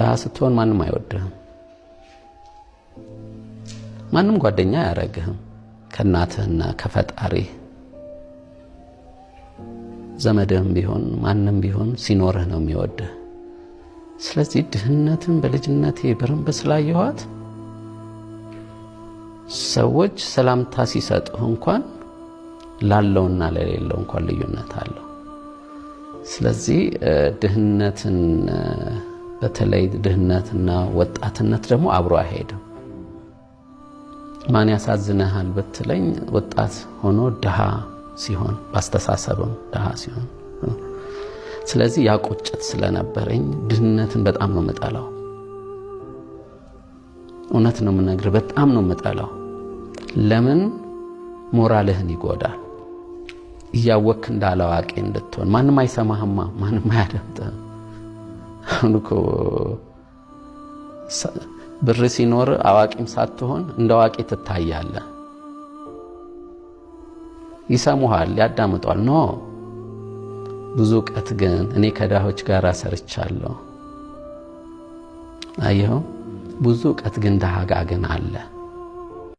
ድሃ ስትሆን ማንም አይወድህም። ማንም ጓደኛ አያረግህም ከእናትህና ከፈጣሪ ዘመድህም ቢሆን ማንም ቢሆን ሲኖርህ ነው የሚወድህ። ስለዚህ ድህነትን በልጅነቴ በደንብ ስላየኋት ሰዎች ሰላምታ ሲሰጡህ እንኳን ላለውና ለሌለው እንኳን ልዩነት አለው። ስለዚህ ድህነትን በተለይ ድህነትና ወጣትነት ደግሞ አብሮ አይሄድም። ማን ያሳዝነሃል ብትለኝ ወጣት ሆኖ ድሃ ሲሆን ባስተሳሰብም ድሃ ሲሆን፣ ስለዚህ ያ ቁጭት ስለነበረኝ ድህነትን በጣም ነው የምጠላው። እውነት ነው የምነግርህ፣ በጣም ነው የምጠላው። ለምን ሞራልህን ይጎዳል። እያወክ አዋቂ እንድትሆን ማንም አይሰማህማ፣ ማንም አያደምጥህም። ብር ሲኖር አዋቂም ሳትሆን እንደ አዋቂ ትታያለ። ይሰሙሃል፣ ያዳምጧል። ኖ ብዙ እውቀት ግን እኔ ከዳሆች ጋር ሰርቻለሁ። አየኸው፣ ብዙ እውቀት ግን ድሃ ጋ ግን አለ።